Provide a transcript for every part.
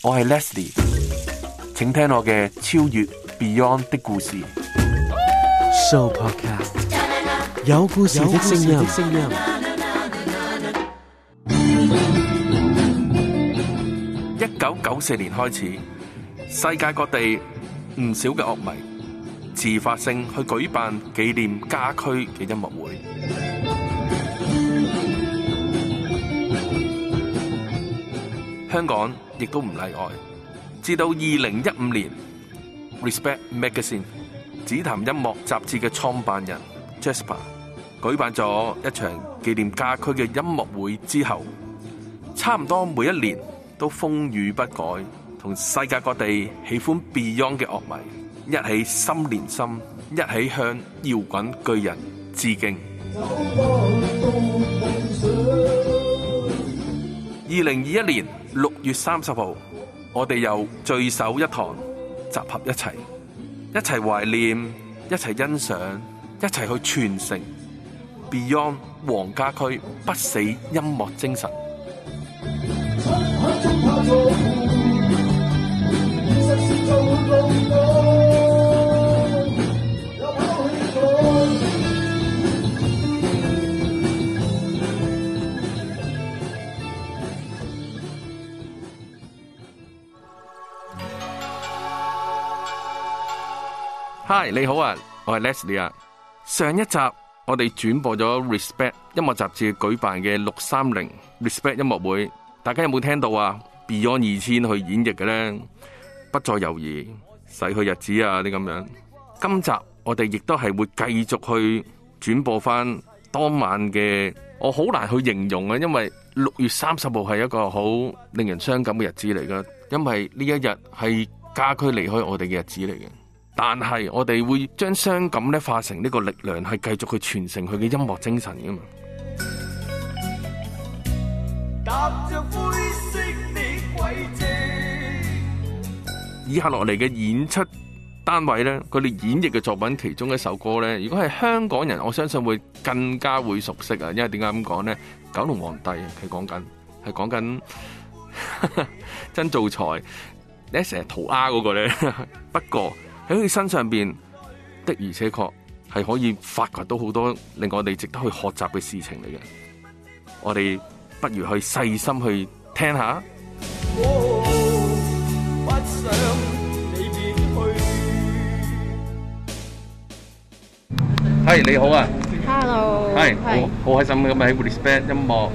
我係 Leslie，請聽我嘅超越 Beyond 的故事。So podcast 有故事的聲音。一九九四年開始，世界各地唔少嘅樂迷自發性去舉辦紀念家駒嘅音樂會。香港。亦都唔例外。至到二零一五年，Respect Magazine《紫檀音樂雜誌》嘅創辦人 Jasper 舉辦咗一場紀念家駒嘅音樂會之後，差唔多每一年都風雨不改，同世界各地喜歡 Beyond 嘅樂迷一起心連心，一起向搖滾巨人致敬。二零二一年，六月三十號，我哋又聚首一堂，集合一齊，一齊懷念，一齊欣賞，一齊去傳承 Beyond 黃家駒不死音樂精神。 嗨，你好啊，我係 Leslie 啊。上一集我哋轉播咗 Respect 音樂雜誌舉辦嘅六三零 Respect 音樂會，大家有冇聽到啊？Beyond 二千去演繹嘅咧，不再猶豫，逝去日子啊，啲咁樣。今集我哋亦都係會繼續去轉播翻當晚嘅，我好難去形容啊，因為六月三十號係一個好令人傷感嘅日子嚟噶，因為呢一日係家駒離開我哋嘅日子嚟嘅。但係我哋會將傷感咧化成呢個力量，係繼續去傳承佢嘅音樂精神噶嘛。踏著灰色嘅軌跡。以下落嚟嘅演出單位咧，佢哋演繹嘅作品其中一首歌咧，如果係香港人，我相信會更加會熟悉啊！因為點解咁講咧？九龍皇帝佢講緊，係講緊曾灶財，你成日塗鴉嗰個咧，不過。喺佢身上邊的而且確係可以發掘到好多令我哋值得去學習嘅事情嚟嘅，我哋不如去細心去聽下。係你好啊，Hello，係，好開心咁啊！喺 Respect 音樂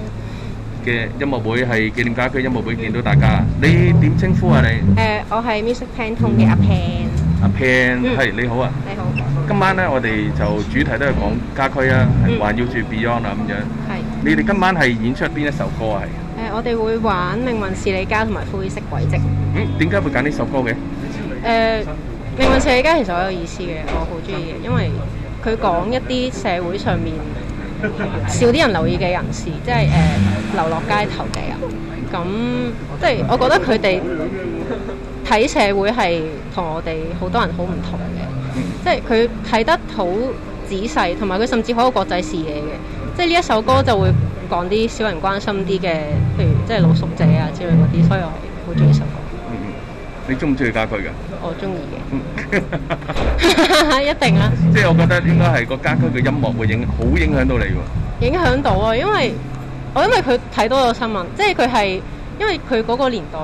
嘅音樂會係紀念家區音樂會見到大家，你點稱呼啊？你誒，我係 Mr. Pantone 嘅阿 Pan。阿 Pan，係你好啊！你好，今晚咧我哋就主題都係講家居啊，環、嗯、繞住 Beyond 啦、啊、咁、嗯、樣。係，你哋今晚係演出邊一首歌啊？係、呃、我哋會玩《命運是你家》同埋《灰色軌跡》。嗯，點解會揀呢首歌嘅、呃？《命運是你家》其實好有意思嘅，我好中意嘅，因為佢講一啲社會上面少啲人留意嘅人士，即係誒流落街頭嘅人。咁即係我覺得佢哋。睇社會係同我哋好多人好唔同嘅、嗯，即係佢睇得好仔細，同埋佢甚至好有國際視野嘅。即係呢一首歌就會講啲少人關心啲嘅，譬如即係露宿者啊之類嗰啲，所以我好中意首歌。嗯、你中唔中意家駒㗎？我中意嘅， 一定啦、啊。即係我覺得應該係個家駒嘅音樂會影好影響到你喎。影響到啊，因為我因為佢睇多咗新聞，即係佢係因為佢嗰個年代。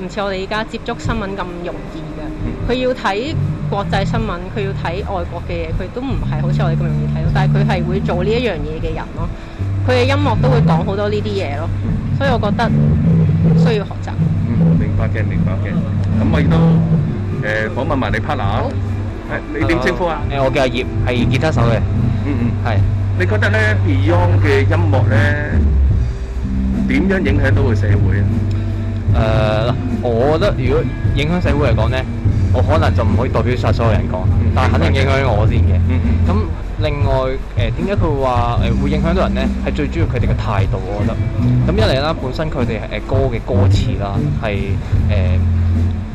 唔似我哋而家接觸新聞咁容易嘅，佢要睇國際新聞，佢要睇外國嘅嘢，佢都唔係好似我哋咁容易睇到，但係佢係會做呢一樣嘢嘅人咯。佢嘅音樂都會講好多呢啲嘢咯，所以我覺得需要學習。嗯，我明白嘅，明白嘅。咁我亦都誒訪問埋你 partner，你點稱呼啊？誒，我叫阿葉，係吉他手嘅。嗯嗯，係。你覺得咧 Beyond 嘅音樂咧點樣影響到個社會啊？誒、呃、我覺得如果影響社會嚟講呢，我可能就唔可以代表晒所有人講，但係肯定影響我先嘅。咁另外誒，點解佢話誒會影響到人呢？係最主要佢哋嘅態度，我覺得。咁一嚟啦，本身佢哋係歌嘅歌詞啦，係誒、呃、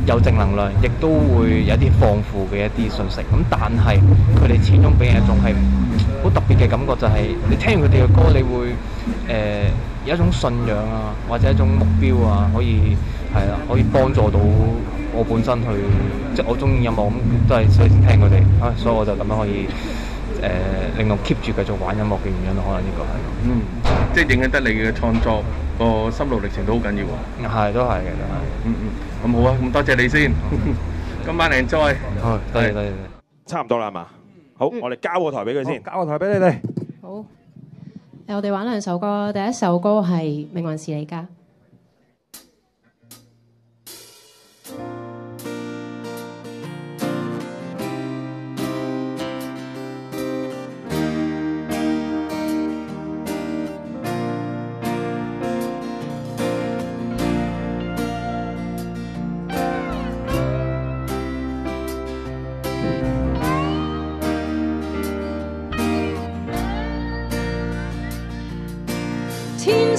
有正能量，亦都會有啲放負嘅一啲信息。咁但係佢哋始終俾人一種係好特別嘅感覺，就係、是、你聽完佢哋嘅歌，你會誒。呃有一種信仰啊，或者一種目標啊，可以係啦，可以幫助到我本身去，即係我中意音樂咁，都係先聽佢哋啊，所以我就咁樣可以誒令我 keep 住繼續玩音樂嘅原因咯，可能呢個係嗯，嗯，即係影響得你嘅創作、嗯那個心路歷程都好緊要啊，係都係嘅，都係嗯嗯，咁、嗯、好啊，咁多謝你先，嗯、今晚你再，enjoy 多謝多謝，多謝，差唔多啦係嘛，好，嗯、我哋交個台俾佢先，交個台俾你哋，好。誒，我哋玩兩首歌，第一首歌係《命運是你家》。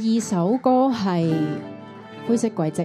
第二首歌係《灰色軌跡》。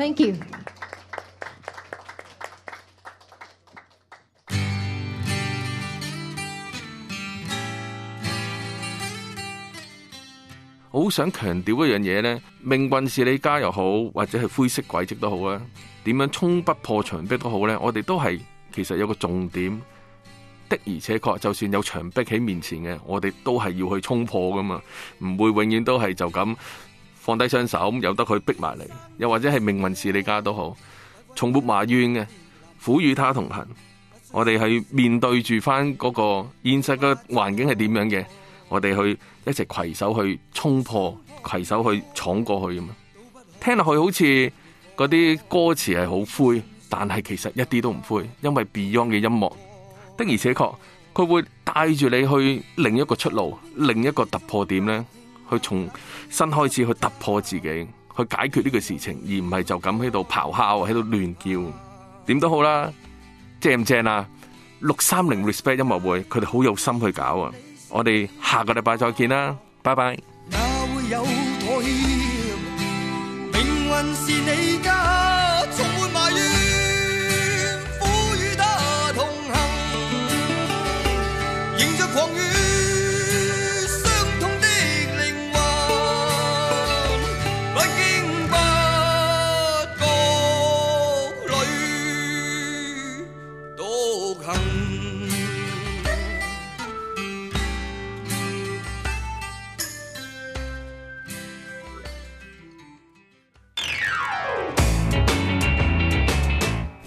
thank you。好想強調一樣嘢，呢命運是你家又好，或者係灰色軌跡都好咧，點樣衝不破牆壁都好呢，我哋都係其實有一個重點的，而且確，就算有牆壁喺面前嘅，我哋都係要去衝破噶嘛，唔會永遠都係就咁。放低雙手，由得佢逼埋你，又或者係命運是你家都好，從不埋怨嘅，苦與他同行。我哋去面對住翻嗰個現實嘅環境係點樣嘅，我哋去一齊攜手去衝破，攜手去闖過去，咁聽落去好似嗰啲歌詞係好灰，但係其實一啲都唔灰，因為 Beyond 嘅音樂的而且確佢會帶住你去另一個出路，另一個突破點呢。去重新開始去突破自己，去解決呢個事情，而唔係就咁喺度咆哮，喺度亂叫，點都好啦，正唔正啊？六三零 respect 音樂會，佢哋好有心去搞啊！我哋下個禮拜再見啦，拜拜。